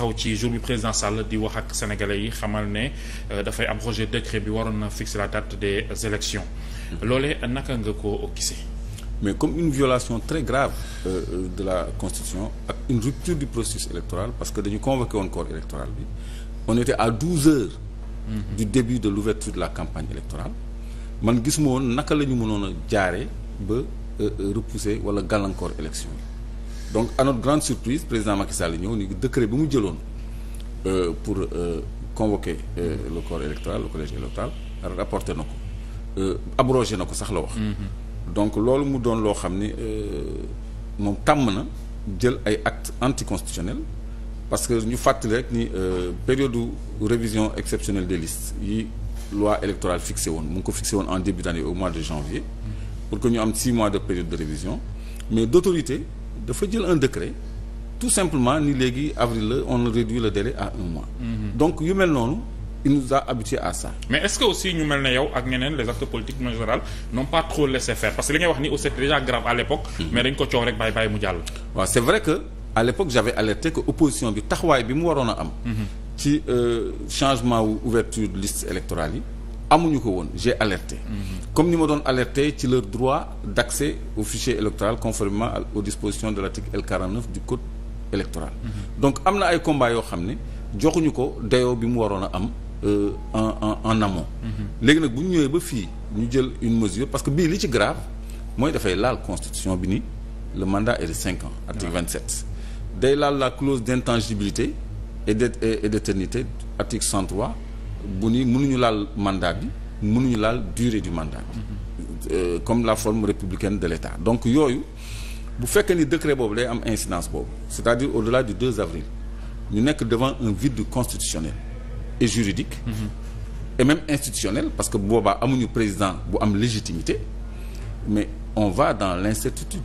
taxaw ci jour bi di wax ak sénégalais yi xamal ne euh, dafay am projet décret bi waroon na fixer la date des élections mhm. loolee naka nga ko gisee. mais comme une violation très grave euh, euh, de la constitution ak une rupture du processus électoral parce que dañu convoqué woon corps électoral bi on était à douze heures mhm. du début de l'ouverture de la campagne électorale man gisuma woon naka la ñu mënoon a jaaree ba euh, repouser wala gàllankoor élection donc à notre grande surprise président Macky Sall ñëw ni décret bi mu jëloon euh, pour euh, convoquer euh, le corps électoral le collège électoral rapporté na ko abrogé na ko sax la wax mm-hmm. donc loolu mu doon loo xam ni moom tàmm na jël ay anti anticonstitutionnels parce que ñu fàttali rek ni période révision exceptionnelle des listes yi loi électorale fixé woon mu ngi ko fixé woon en début d'année au mois de janvier pour que ñu am six mois de période de révision mais d'autorité dafa jël un décret tout simplement ni léegi avril la on réduit le délai à un mois. Mhm. donc yu mel noonu il nous a habitué à ça. mais est-ce que aussi ñu mel ne yow ak ñeneen les acteurs politiques en général n'ont pas trop laissé faire parce que li ngay wax ni aussi c'est déjà grave à l'époque mhm. mais dañ ko coow rek bàyyi bàyyi mu jàll. waaw c'est vrai que à l'époque j'avais alerté que opposition bi taxawaay bi mu waroon a am. Mhm. ci euh, changement wu ouverture liste yi. amuñu ko woon j'ai alerté mhm. comme ni ma doon alerté ci leur droit d'accès au fichier électoral conformément aux dispositions de l'article L49 du code électoral mhm. donc am na ay combat yoo xam ne joxuñu ko dayo bi mu waroon a am euh, en en en amont mhm. léegi nag bu ñu ñëwee ba fii ñu jël une mesure parce que bii li ci grave mooy dafay laal constitution bi nii le mandat est de cinq ans article vingt sept day laal la clause d'intangibilité et de et d'éternité article 103 bu ni mënuñu laal mandat bi mënuñu laal durée du mandat bi euh, comme la forme républicaine de l'État donc yooyu bu fekkee ni décret boobu day am incidence boobu c'est-à-dire au-delà du 2 avril ñu nekk devant un vide constitutionnel et juridique mm-hmm. et même institutionnel parce que boobaa amuñu président bu am légitimité mais on va dans l'incertitude